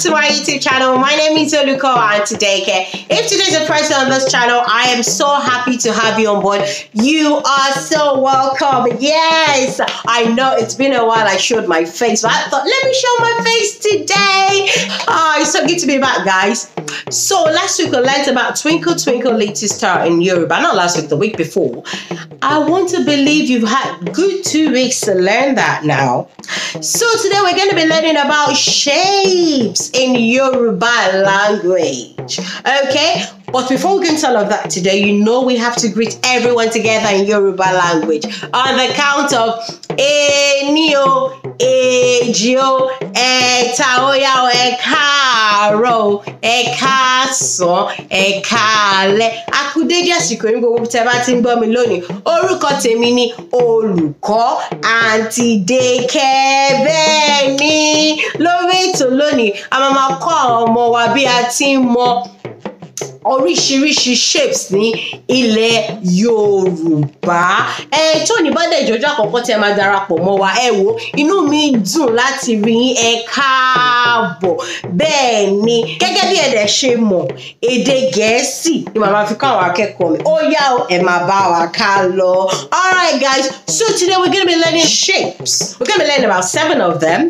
to my YouTube channel. My name is Oluko today, If today's the first on this channel, I am so happy to have you on board. You are so welcome. Yes, I know it's been a while I showed my face, but I thought, let me show my face today. Oh, it's so good to be back, guys. So last week I learned about Twinkle Twinkle Little Star in Yoruba. Not last week, the week before. I want to believe you've had good two weeks to learn that now. So today we're going to be learning about shapes in Yoruba language. Okay, but before we get into all of that today, you know we have to greet everyone together in Yoruba language on the count of Enio. èjì o ẹ̀ta ó yá o ẹ káàárọ̀ o ẹ káàsán ẹ káalẹ́ akúdéjì àsìkò yín gbogbo tẹ́ bá ti ń gbọ́ mi lónìí orúkọ tèmi ni olùkọ́ àǹtí Dékẹ́ ni lórí ètò lónìí a máa máa kọ́ àwọn ọmọ wa bí a ti ń mọ oríṣiríṣi shapes ní ilẹ̀ yorùbá ẹ tó ní bá dẹ̀ ìjọ́jọ́ àkọ́kọ́ tẹ́ máa darapọ̀ mọ́ wa ẹ wo inú mi dùn láti rí yín ẹ káàbọ̀ bẹ́ẹ̀ ni gẹ́gẹ́ bí ẹ̀dẹ̀ ṣe mọ̀ èdè gẹ̀ẹ́sì ni màmá fi kọ́ àwọn akẹ́kọ̀ọ́ mi ó yá o ẹ̀ máa bá wa ká lọ alright guys so today we're gonna be learning shapes we're gonna be learning about seven of them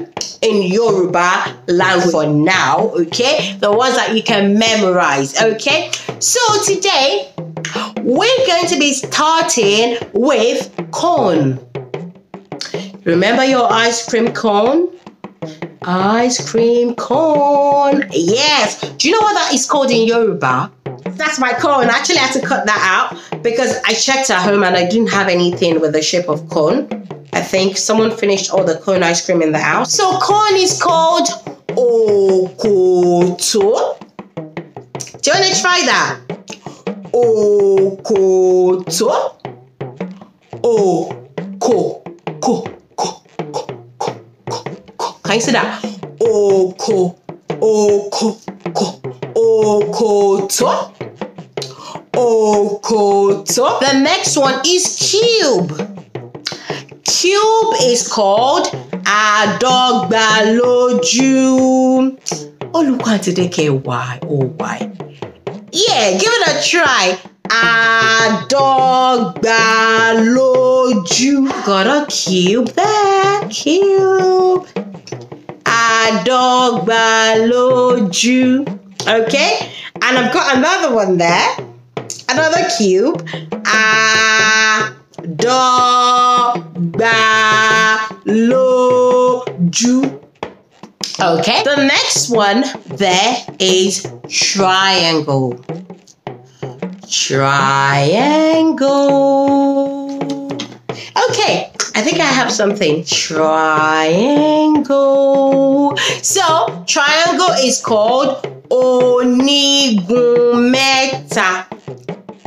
in Yoruba land for now, okay? The ones that you can memorize, okay? So today, we're going to be starting with corn. Remember your ice cream cone? Ice cream cone. Yes. Do you know what that is called in Yoruba? That's my cone. I had to cut that out because I checked at home and I didn't have anything with the shape of cone. I think someone finished all the cone ice cream in the house. So cone is called okoto. Do you want to try that? Okoto. O ko ko ko ko ko ko. Can you say that? Oko oko ko okoto. Okoto. The next one is cube tube is called Adogbaloju. Oh why? Yeah, give it a try. Adogbaloju. Got a cube there. Cube. Adogbaloju. Okay? And I've got another one there. Another cube. Adogbaloju gbà Okay, the next one there is triangle. Triangle. Okay, I think I have something. Triangle. So, triangle is called onígun mẹ́ta.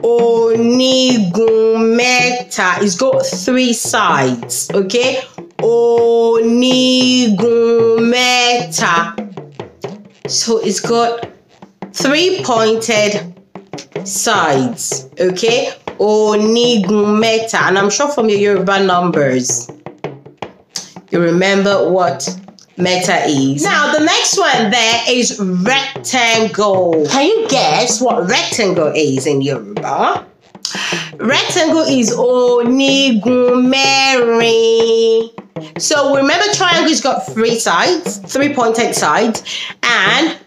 Onigun It's got three sides. Okay. Onigun So it's got three pointed sides. Okay. Onigun And I'm sure from your Yoruba numbers, you remember what Meta is. Now, the next one there is rectangle. Can you guess what rectangle is in Yoruba? Rectangle is onigun So remember triangle's got three sides, three pointed sides, and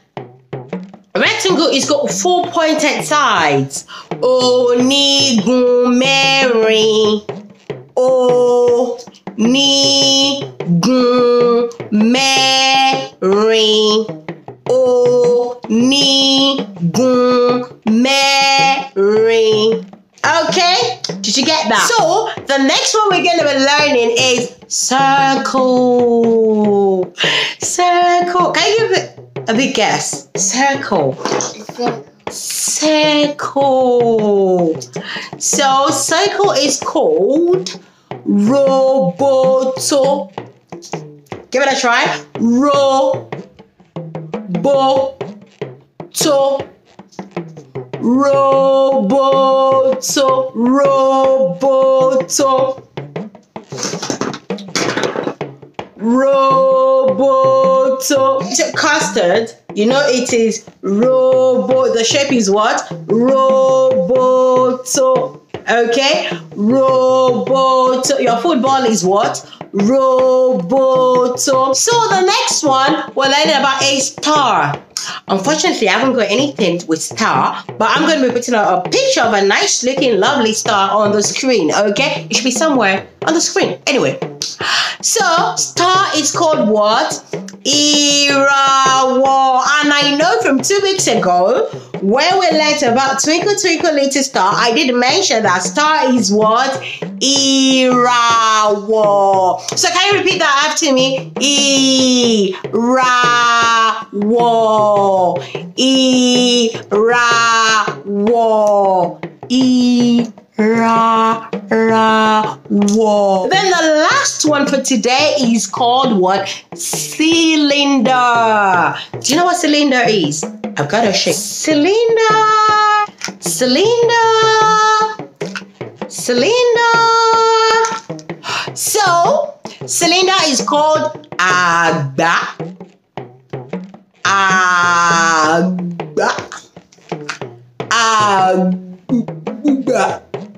rectangle is got four pointed sides. Onigun mẹ́rin. Onigun mẹ́rin onígun Mary. Okay, did you get that? So, the next one we're going to be learning is circle. Circle. Can you give it a big guess? Circle. Circle. So, circle is called roboto Give it a try. Ro, bo, to, roboto, roboto, roboto. Custard, you know it is robo. The shape is what? Roboto. Okay, roboto. Your football is what? Roboto. So the next one, we're learning about a star. Unfortunately, I haven't got anything with star, but I'm going to be putting a, a picture of a nice looking, lovely star on the screen, okay? It should be somewhere on the screen. Anyway, so star is called what? Irawo. And I know from two weeks ago, when we learned about Twinkle Twinkle Little Star, I did mention that star is what? Ìràwọ̀. So can you repeat that after me? Ìràwọ̀. Ìràwọ̀. Ìràwọ̀. Whoa. Then the last one for today is called what? Cylinder. Do you know what cylinder is? I've got a shape. Cylinder. Cylinder cylinder. So, cylinder is called Ada. Ada. Ada.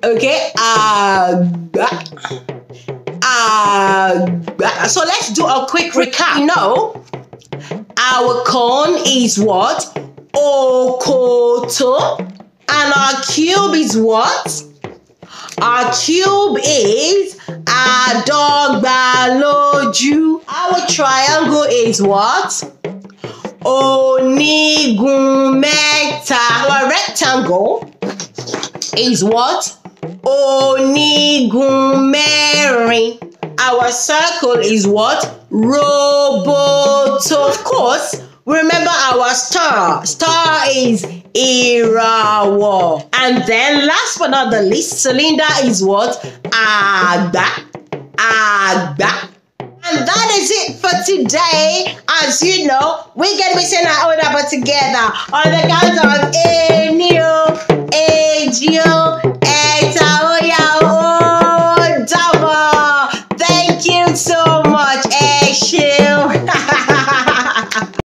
Okay, Ada. Ada. So let's do a quick recap. You know, our cone is what? Okoto. And our cube is what? Our cube is a dog Adogbaloju. Our triangle is what? Onigun Our rectangle is what? Onigun Our circle is what? Roboto. Of course, Remember our star. Star is Irawo. And then last but not the least, cylinder is what? Agba. Agba. And that is it for today. As you know, we're going to be saying our own number together on the count of in.